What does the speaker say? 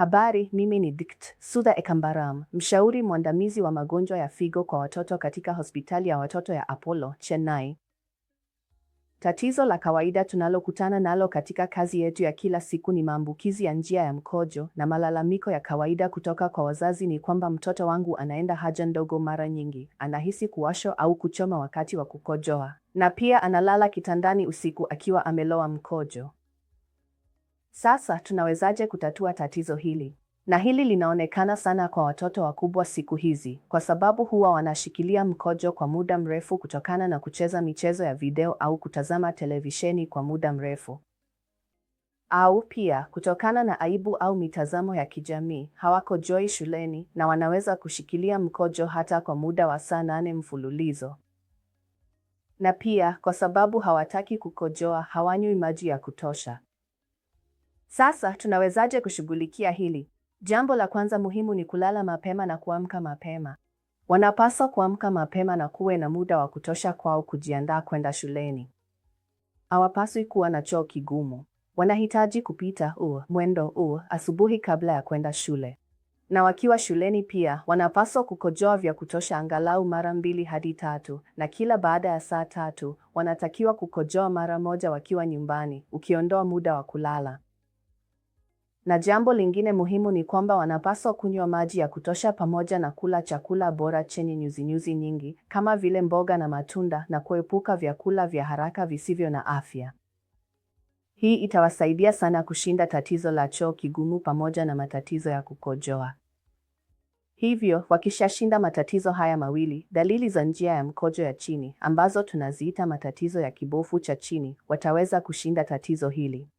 Habari, mimi ni Dkt. Sudha Ekambaram, mshauri mwandamizi wa magonjwa ya figo kwa watoto katika hospitali ya watoto ya Apollo, Chennai. Tatizo la kawaida tunalokutana nalo katika kazi yetu ya kila siku ni maambukizi ya njia ya mkojo, na malalamiko ya kawaida kutoka kwa wazazi ni kwamba mtoto wangu anaenda haja ndogo mara nyingi, anahisi kuwasho au kuchoma wakati wa kukojoa, na pia analala kitandani usiku akiwa amelowa mkojo. Sasa tunawezaje kutatua tatizo hili? Na hili linaonekana sana kwa watoto wakubwa siku hizi, kwa sababu huwa wanashikilia mkojo kwa muda mrefu kutokana na kucheza michezo ya video au kutazama televisheni kwa muda mrefu, au pia kutokana na aibu au mitazamo ya kijamii. Hawakojoi shuleni na wanaweza kushikilia mkojo hata kwa muda wa saa nane mfululizo. Na pia kwa sababu hawataki kukojoa, hawanywi maji ya kutosha. Sasa tunawezaje kushughulikia hili? Jambo la kwanza muhimu ni kulala mapema na kuamka mapema. Wanapaswa kuamka mapema na kuwe na muda wa kutosha kwao kujiandaa kwenda shuleni. Hawapaswi kuwa na choo kigumu. Wanahitaji kupita u uh, mwendo u uh, asubuhi kabla ya kwenda shule, na wakiwa shuleni pia wanapaswa kukojoa vya kutosha, angalau mara mbili hadi tatu, na kila baada ya saa tatu wanatakiwa kukojoa mara moja wakiwa nyumbani, ukiondoa muda wa kulala. Na jambo lingine muhimu ni kwamba wanapaswa kunywa maji ya kutosha pamoja na kula chakula bora chenye nyuzinyuzi nyingi kama vile mboga na matunda na kuepuka vyakula vya haraka visivyo na afya. Hii itawasaidia sana kushinda tatizo la choo kigumu pamoja na matatizo ya kukojoa. Hivyo, wakishashinda matatizo haya mawili, dalili za njia ya mkojo ya chini ambazo tunaziita matatizo ya kibofu cha chini, wataweza kushinda tatizo hili.